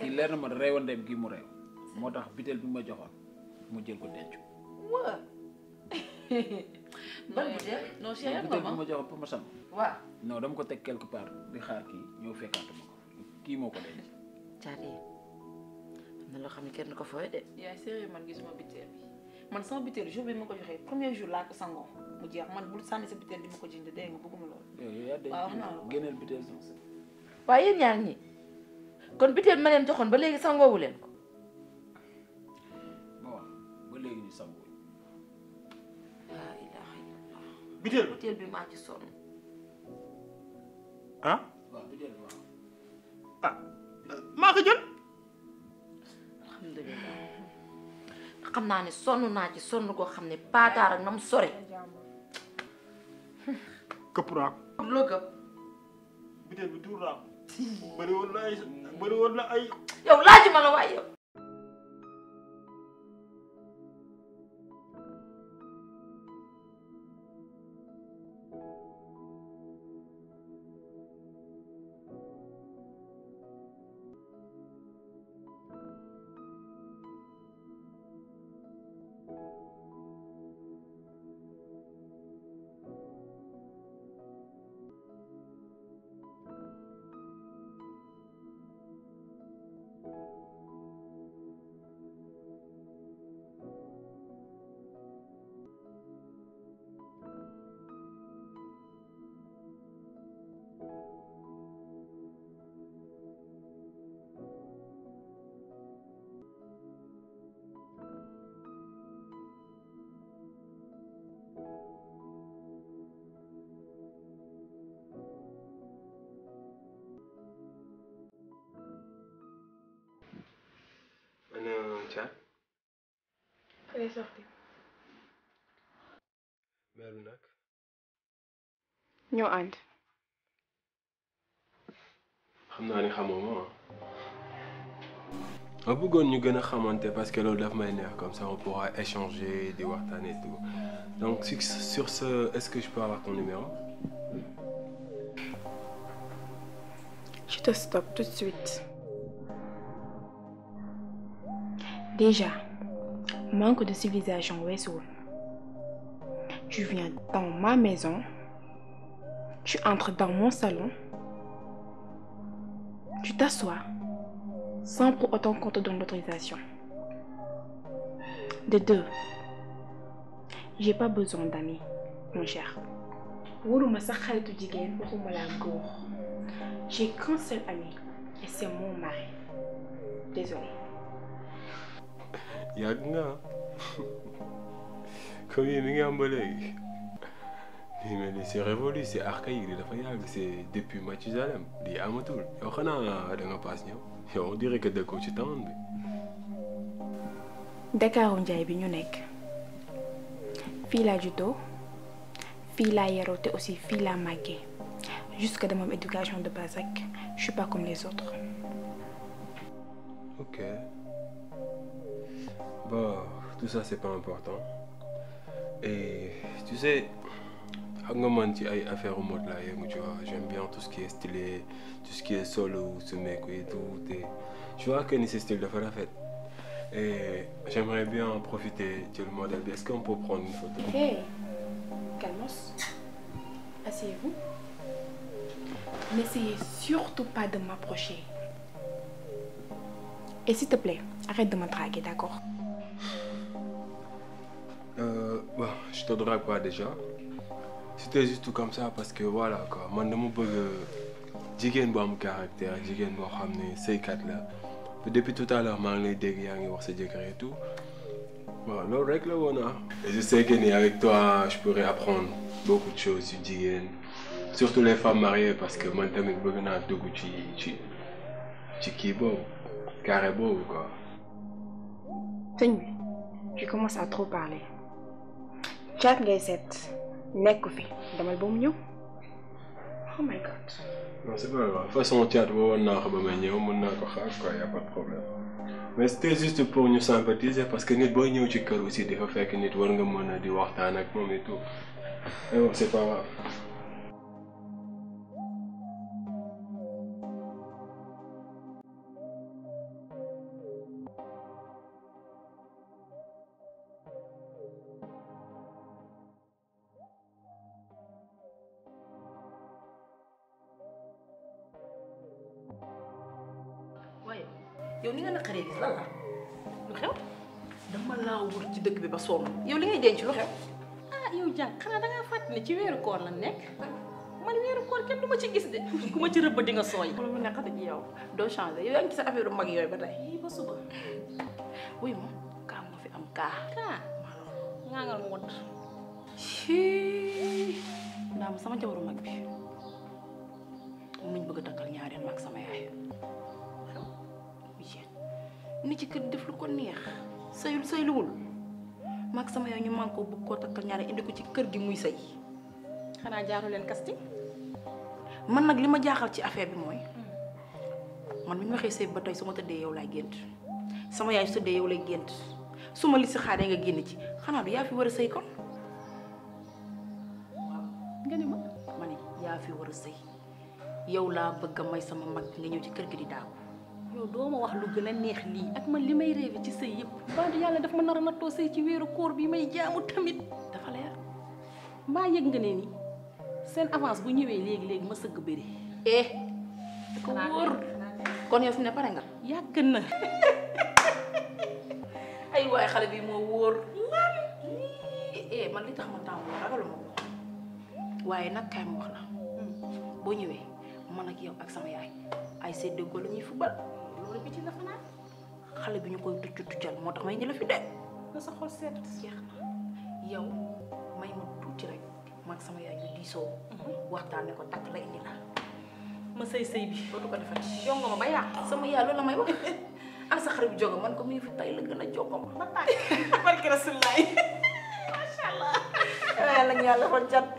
ki leer na ma reewandeem gi mu rew motax bitel bi ma joxoon mu jël ko denc. wa ban bitel non cher nga ma bitel bi joxon pour ma sam. wa no dama ko tek quelque part di xaar ki ñëw fekkaatuma mako ki moko ko denc. caati am na loo xam kenn ko fooy de. yaay sérieux man gisuma bitel bi man sama bitel jour bi mako ko premier jour la ko sango mu jeex man bul sanni sa bitel di mako ko jënd nga bëgguma lool waaw wax naa la yaa denc génneel bitel sama waaye ñaar ñi. kon biteel ma leen joxoon ba léegi sangoowu leen ko. bon ba léegi ñu sangoo. laa ilaaha illallaah. biteel bi biteel ci sonn. Ah? ah. maa ko jël. alhamdulilah xam naa ni sonn naa ci sonn koo xam ne paataar ak na mu sore. këpp naa loo këpp. biteel bi tuur naa ko. bëri woon bëri woon na ay. yow laaj ma la waaye yow. sorti. sais ah. parce que daf may comme ça on pourra échanger et tout donc sur ce est-ce que je peux avoir ton numéro. je te stoppe tout de suite. déjà manque de civilisation Tu viens dans ma maison, tu entres dans mon salon, tu t'assois sans pour autant qu'on te donne l'autorisation. De deux, j'ai pas besoin d'amis, mon cher. J'ai qu'un seul ami et c'est mon mari. Désolé yàgg nga hein. comme yéen ni mais c'est révolu c'est archaïque li dafa yàgg c'est depuis Mathusalem lii amatul yow xanaa da nga ñëw yow on dirait que dëkkoo ci temps bi. Dakaaru njaay bi ñu nekk fii laa juddoo fii laa yaroo te aussi fii laa màggee jusque dama am éducation de base je suis pas comme les autres. ok. Bon, tout ça c'est pas important. Et tu sais, affaire au mode là, j'aime bien tout ce qui est stylé, tout ce qui est solo, ce mec et tout. tu vois que c'est style de faire la fête. Et j'aimerais bien en profiter de le modèle. Est-ce qu'on peut prendre une photo hey, calmos. Asseyez-vous. N'essayez surtout pas de m'approcher. Et s'il te plaît, arrête de me draguer, d'accord te quoi déjà c'était juste tout comme ça parce que voilà quoi man dit bëgg jigéen bu am caractère jigéen boo xam c'est quatre là. depuis tout à l'heure maa ngi lay dégg yaa ngi wax sa et tout Voilà, c'est rek la a. Ah. et je sais qu'avec toi je pourrais apprendre beaucoup de choses sur surtout les femmes mariées parce que man tamit bëgg que dugg ci ci ci kii carré beau quoi. sëñ je tu commences à trop parler. Chat, ngay set nekk fi demal ba oh my god. non c'est pas grave façon chat, naa ko mën ko quoi a pas de problème mais c'était juste pour nous sympathiser parce que nit booy ñëw ci aussi fekk nit war nga c'est pas grave. yow ni nga naqaree gis lan la lu xew dama laa wër ci dëkk bi ba sonn yow li ngay denc lu xew ah yow jàng xanaa dangaa fàtt ne ci weeru koor la nekk man weeru koor kenn du ma ci gis de ku ma ci rëbb di nga sooy loolu mu naqari ci yow doo changé yow yaa ngi ci sa affaire mag yooyu ba tey ba suba wuy ma kaa moo fi am kaa kaa ngaa ngal wot ndaam sama jabaru mag bi ni ci kër def lu ko neex sëyul sëyluwul mak sama yoy ñu kan man ko bëgg koo indi ko ci kër gi muy sey xana jaaru len casting man nak lima jaaxal ci affaire bi moy man bi waxe sey ba tay suma tedde yow lay gént sama yaay su yow lay gént suma li ci nga ci xana du ya fi wara sey kon nga ma mané ya fi wara a yow la bëgg may sama mag nga ñew ci kër gi di daaw yow doo ma wax lu gën a neex lii ak man li may rêvé ci sëy yëpp mbaa du yàlla daf ma nar a nattoo sëy ci wéeru koor bi may jaamu tamit dafa leer mbaa yëg nga ne ni seen avance bu ñëwee léegi léegi ma sëgg bëri. eh. ko pare na. ay waay xale bi moo wóor. eh man li tax ma tàmm ragaluma ko waaye nag kaay ma wax hmm. boo ñëwee man ak yow ak sama yaay ay séddoo ko la ñuy fubal. wala biti la fanaan xale bi ñu koy tucc tuccal moo tax may ñu la fi de na sa xol seet jeex na yow may ma tuuti rek man sama yaay ñu mhm. waxtaan waxtaane ko takk la indi la ma sëy sëy bi dootu ko defati jongo ma ba yàq sama yaay loolu may wax ak sa xarit bi jongo man ko mu fi tay la gën a jongo ma ba tay barke rasulaay macha allah yàlla ñu yàlla fa